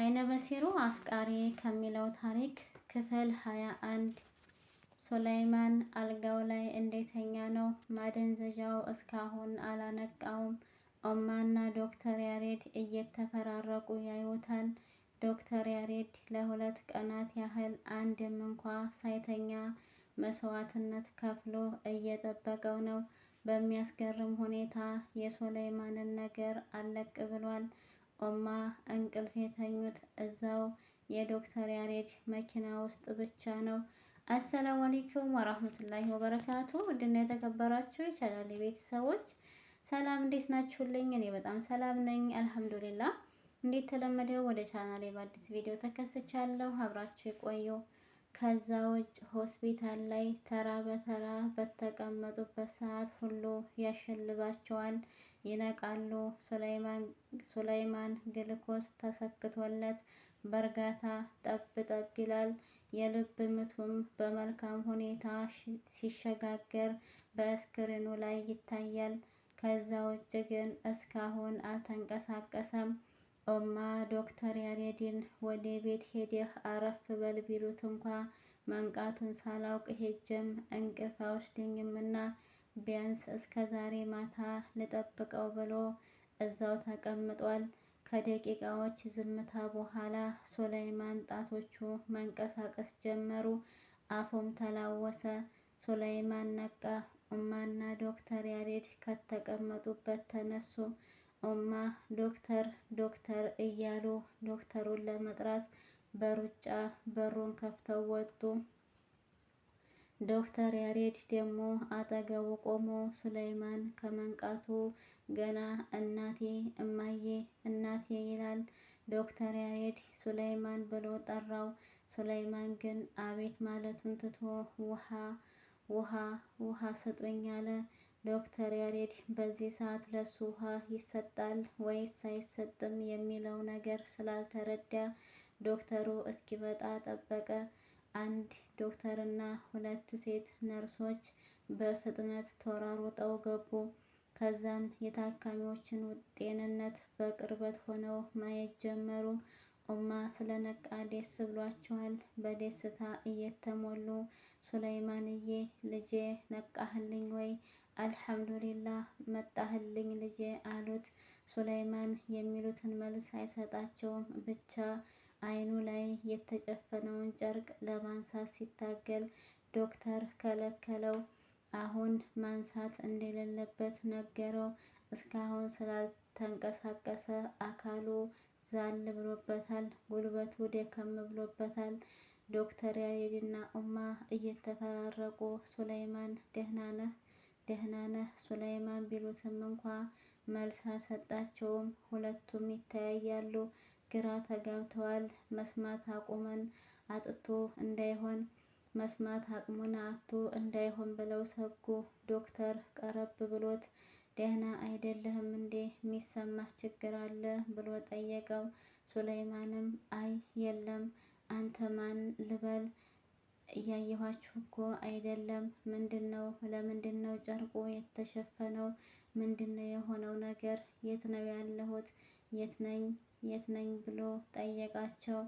አይነ በሲሩ አፍቃሪ ከሚለው ታሪክ ክፍል ሀያ አንድ ሱላይማን አልጋው ላይ እንደተኛ ነው። ማደንዘዣው እስካሁን አላነቃውም። ኦማና ዶክተር ያሬድ እየተፈራረቁ ያዩታል። ዶክተር ያሬድ ለሁለት ቀናት ያህል አንድም እንኳ ሳይተኛ መስዋዕትነት ከፍሎ እየጠበቀው ነው። በሚያስገርም ሁኔታ የሱላይማንን ነገር አለቅ ብሏል። ቆማ እንቅልፍ የተኙት እዛው የዶክተር ያሬድ መኪና ውስጥ ብቻ ነው። አሰላሙ አለይኩም ወራህመቱላሂ ወበረካቱ። ውድና የተከበራችሁ የቻናሌ ቤተሰቦች ሰላም እንዴት ናችሁልኝ? እኔ በጣም ሰላም ነኝ አልሐምዱሊላ። እንዴት ተለመደው ወደ ቻናሌ በአዲስ ቪዲዮ ተከስቻለሁ። አብራችሁ የቆየው ከዛ ውጭ ሆስፒታል ላይ ተራ በተራ በተቀመጡበት ሰዓት ሁሉ ያሸልባቸዋል፣ ይነቃሉ። ሱላይማን ግልኮስ ተሰክቶለት በእርጋታ ጠብ ጠብ ይላል። የልብ ምቱም በመልካም ሁኔታ ሲሸጋገር በስክሪኑ ላይ ይታያል። ከዛ ውጭ ግን እስካሁን አልተንቀሳቀሰም። ኦማ ዶክተር ያሬድን ወደ ቤት ሄደህ አረፍ በል ቢሉት እንኳ መንቃቱን ሳላውቅ ሄጀም እንቅልፍ አይወስደኝምና ቢያንስ እስከ ዛሬ ማታ ልጠብቀው ብሎ እዛው ተቀምጧል። ከደቂቃዎች ዝምታ በኋላ ሶላይማን ጣቶቹ መንቀሳቀስ ጀመሩ፣ አፉም ተላወሰ። ሶላይማን ነቃ። ኡማና ዶክተር ያሬድ ከተቀመጡበት ተነሱ። ኡማ ዶክተር ዶክተር እያሉ ዶክተሩን ለመጥራት በሩጫ በሩን ከፍተው ወጡ። ዶክተር ያሬድ ደግሞ አጠገቡ ቆሞ ሱለይማን ከመንቃቱ ገና እናቴ እማዬ እናቴ ይላል። ዶክተር ያሬድ ሱለይማን ብሎ ጠራው። ሱለይማን ግን አቤት ማለቱን ትቶ ውሃ ውሃ ውሃ ስጡኝ አለ። ዶክተር ያሬድ በዚህ ሰዓት ለሱ ውሃ ይሰጣል ወይስ አይሰጥም የሚለው ነገር ስላልተረዳ ዶክተሩ እስኪመጣ ጠበቀ። አንድ ዶክተርና ሁለት ሴት ነርሶች በፍጥነት ተሯሩጠው ገቡ። ከዛም የታካሚዎችን ጤንነት በቅርበት ሆነው ማየት ጀመሩ። ኡማ ስለነቃ ደስ ብሏቸዋል። በደስታ እየተሞሉ ሱለይማንዬ ልጄ ነቃህልኝ ወይ? አልሐምዱሊላ መጣህልኝ ልጄ አሉት። ሱለይማን የሚሉትን መልስ አይሰጣቸውም ብቻ አይኑ ላይ የተጨፈነውን ጨርቅ ለማንሳት ሲታገል ዶክተር ከለከለው። አሁን ማንሳት እንደሌለበት ነገረው። እስካሁን ስላልተንቀሳቀሰ አካሉ ዛል ብሎበታል፣ ጉልበቱ ደከም ብሎበታል። ዶክተር ያሬድና ኡማ እየተፈራረቁ ሱለይማን ደህና ነህ ደህና ነህ ሱለይማን ቢሉትም እንኳ መልስ አልሰጣቸውም። ሁለቱም ይተያያሉ። ግራ ተጋብተዋል። መስማት አቁመን አጥቶ እንዳይሆን መስማት አቅሙን አጥቶ እንዳይሆን ብለው ሰጉ። ዶክተር ቀረብ ብሎት ደህና አይደለህም እንዴ? የሚሰማህ ችግር አለ ብሎ ጠየቀው። ሱለይማንም አይ የለም፣ አንተ ማን ልበል? እያየኋችሁ እኮ አይደለም። ምንድን ነው? ለምንድን ነው ጨርቁ የተሸፈነው? ምንድን ነው የሆነው ነገር? የት ነው ያለሁት? የት ነኝ የት ነኝ ብሎ ጠየቃቸው።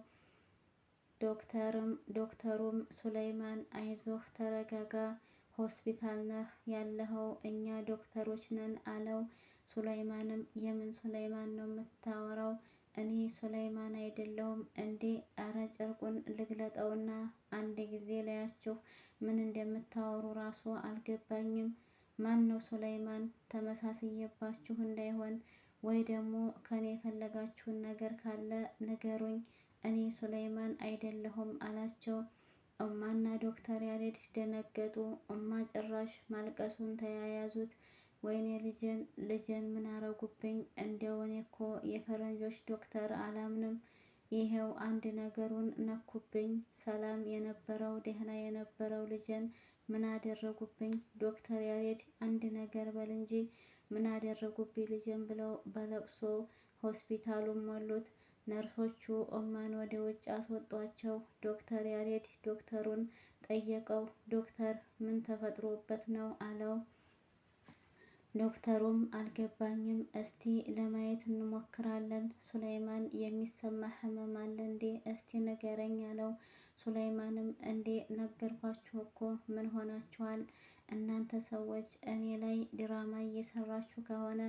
ዶክተሩም ሱለይማን አይዞህ፣ ተረጋጋ፣ ሆስፒታል ነህ ያለኸው እኛ ዶክተሮች ነን አለው። ሱለይማንም የምን ሱለይማን ነው የምታወራው? እኔ ሱለይማን አይደለሁም እንዴ? አረ ጨርቁን ልግለጠውና አንድ ጊዜ ላያችሁ ምን እንደምታወሩ ራሱ አልገባኝም። ማን ነው ሱለይማን? ተመሳስየባችሁ እንዳይሆን ወይ ደግሞ ከኔ የፈለጋችሁን ነገር ካለ ንገሩኝ፣ እኔ ሱለይማን አይደለሁም አላቸው። እማና ዶክተር ያሬድ ደነገጡ። እማ ጭራሽ ማልቀሱን ተያያዙት። ወይኔ ልጅን ልጅን ምን አረጉብኝ? እንደው እኔ እኮ የፈረንጆች ዶክተር አላምንም። ይሄው አንድ ነገሩን ነኩብኝ። ሰላም የነበረው ደህና የነበረው ልጅን ምን አደረጉብኝ? ዶክተር ያሬድ አንድ ነገር በል እንጂ ምን አደረጉብኝ ልጄን ብለው በለቅሶ ሆስፒታሉን ሞሉት። ነርሶቹ ኦማን ወደ ውጭ አስወጧቸው። ዶክተር ያሬድ ዶክተሩን ጠየቀው። ዶክተር ምን ተፈጥሮበት ነው አለው። ዶክተሩም አልገባኝም፣ እስቲ ለማየት እንሞክራለን። ሱላይማን የሚሰማ ህመም አለ እንዴ? እስቲ ንገረኝ አለው። ሱላይማንም እንዴ ነገርኳችሁ እኮ ምን ሆናችኋል? እናንተ ሰዎች እኔ ላይ ድራማ እየሰራችሁ ከሆነ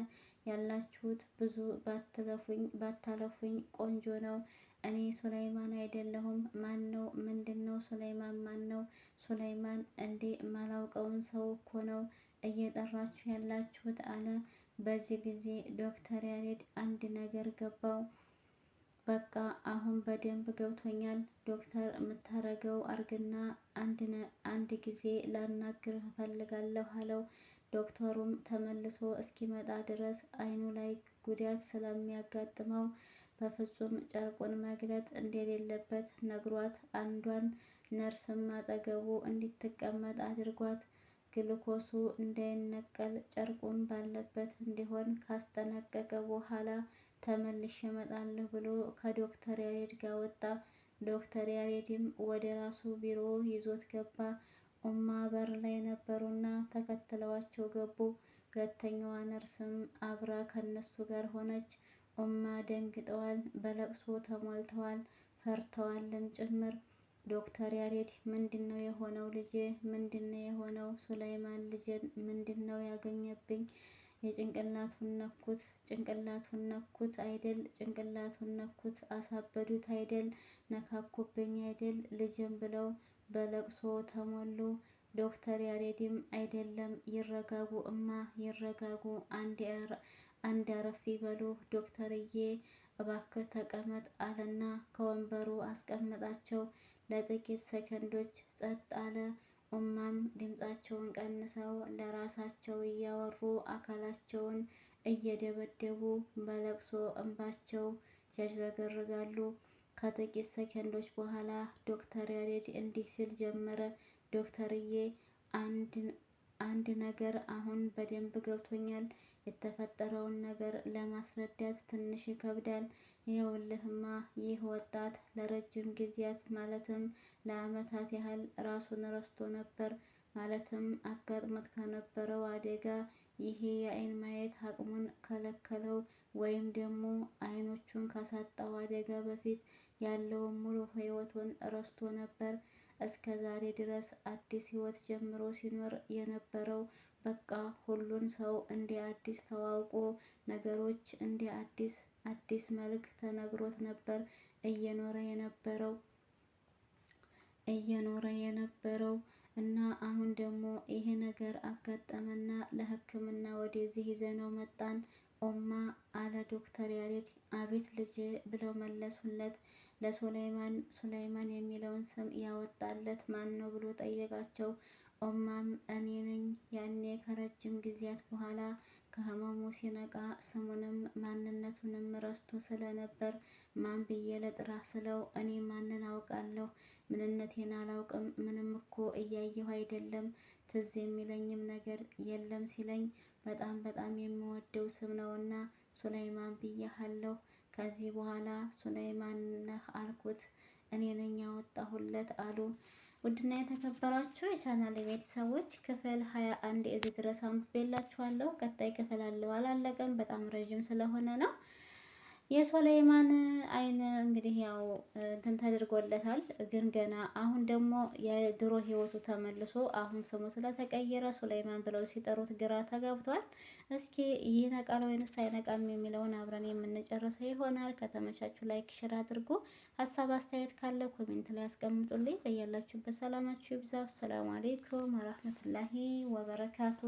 ያላችሁት ብዙ ባትለፉኝ ባታለፉኝ ቆንጆ ነው። እኔ ሱላይማን አይደለሁም። ማን ነው? ምንድን ነው? ሱላይማን ማን ነው? ሱላይማን እንዴ ማላውቀውን ሰው እኮ ነው እየጠራችሁ ያላችሁት አለ። በዚህ ጊዜ ዶክተር ያሬድ አንድ ነገር ገባው። በቃ አሁን በደንብ ገብቶኛል ዶክተር የምታረገው አርግና አንድ ጊዜ ላናግር እፈልጋለሁ አለው። ዶክተሩም ተመልሶ እስኪመጣ ድረስ አይኑ ላይ ጉዳት ስለሚያጋጥመው በፍጹም ጨርቁን መግለጥ እንደሌለበት ነግሯት አንዷን ነርስም አጠገቡ እንዲትቀመጥ አድርጓት ግልኮሱ እንዳይነቀል ጨርቁም ባለበት እንዲሆን ካስጠነቀቀ በኋላ ተመልሼ እመጣለሁ ብሎ ከዶክተር ያሬድ ጋር ወጣ። ዶክተር ያሬድም ወደ ራሱ ቢሮ ይዞት ገባ። ኡማ በር ላይ ነበሩና ተከትለዋቸው ገቡ። ሁለተኛዋ ነርስም አብራ ከነሱ ጋር ሆነች። ኡማ ደንግጠዋል፣ በለቅሶ ተሞልተዋል፣ ፈርተዋልም ጭምር። ዶክተር ያሬድ ምንድን ነው የሆነው? ልጄ ምንድን ነው የሆነው? ሱላይማን ልጄን ምንድን ነው ያገኘብኝ? የጭንቅላቱን ነኩት፣ ጭንቅላቱን ነኩት አይደል? ጭንቅላቱን ነኩት፣ አሳበዱት አይደል? ነካኩብኝ አይደል? ልጅም ብለው በለቅሶ ተሞሉ። ዶክተር ያሬድም አይደለም ይረጋጉ እማ ይረጋጉ፣ አንድ አረፍ ይበሉ ዶክተርዬ እባክህ ተቀመጥ አለና ከወንበሩ አስቀመጣቸው። ለጥቂት ሰከንዶች ጸጥ አለ። ኡማም ድምፃቸውን ቀንሰው ለራሳቸው እያወሩ አካላቸውን እየደበደቡ በለቅሶ እንባቸው ያዝረገርጋሉ። ከጥቂት ሰከንዶች በኋላ ዶክተር ያሬድ እንዲህ ሲል ጀመረ። ዶክተርዬ አንድ አንድ ነገር አሁን በደንብ ገብቶኛል። የተፈጠረውን ነገር ለማስረዳት ትንሽ ይከብዳል። ይኸውልህማ ይህ ወጣት ለረጅም ጊዜያት ማለትም ለአመታት ያህል ራሱን ረስቶ ነበር። ማለትም አጋጥሞት ከነበረው አደጋ ይሄ የአይን ማየት አቅሙን ከለከለው ወይም ደግሞ አይኖቹን ካሳጣው አደጋ በፊት ያለውን ሙሉ ህይወቱን ረስቶ ነበር። እስከ ዛሬ ድረስ አዲስ ህይወት ጀምሮ ሲኖር የነበረው በቃ ሁሉን ሰው እንደ አዲስ ተዋውቆ ነገሮች እንደ አዲስ አዲስ መልክ ተነግሮት ነበር እየኖረ የነበረው እየኖረ የነበረው እና አሁን ደግሞ ይሄ ነገር አጋጠመና ለህክምና ወደዚህ ይዘነው መጣን። ኦማ አለ ዶክተር ያሬድ። አቤት ልጄ ብለው መለሱለት። ለሱላይማን ሱላይማን የሚለውን ስም ያወጣለት ማን ነው ብሎ ጠየቃቸው። ኦማም እኔ ነኝ። ያኔ ከረጅም ጊዜያት በኋላ ከህመሙ ሲነቃ ስሙንም ማንነቱንም ረስቶ ስለነበር ማን ብዬ ለጥራ ስለው እኔ ማንን አውቃለሁ ምንነቴን አላውቅም፣ ምንም እኮ እያየሁ አይደለም፣ ትዝ የሚለኝም ነገር የለም ሲለኝ በጣም በጣም የምወደው ስም ነውና ሱላይማን ብያሃለሁ። ከዚህ በኋላ ሱለይማን ነህ አልኩት፣ እኔ ነኝ ያወጣሁለት አሉ። ውድና የተከበራችሁ የቻናል ቤተሰቦች ክፍል ሀያ አንድ እዚህ ድረስ አንብቤላችኋለሁ። ቀጣይ ክፍል አለው አላለቀም፣ በጣም ረዥም ስለሆነ ነው። የሶለይማን አይን እንግዲህ ያው እንትን ተደርጎለታል፣ ግን ገና አሁን ደግሞ የድሮ ህይወቱ ተመልሶ አሁን ስሙ ስለተቀየረ ሱለይማን ብለው ሲጠሩት ግራ ተገብቷል። እስኪ ይነቃል ወይንስ አይነቃም የሚለውን አብረን የምንጨርሰው ይሆናል። ከተመቻችሁ ላይክ፣ ሽር አድርጉ። ሀሳብ አስተያየት ካለ ኮሜንት ላይ አስቀምጡልኝ። በያላችሁበት ሰላማችሁ ይብዛ። አሰላሙ አሌይኩም ወረህመቱላሂ ወበረካቱ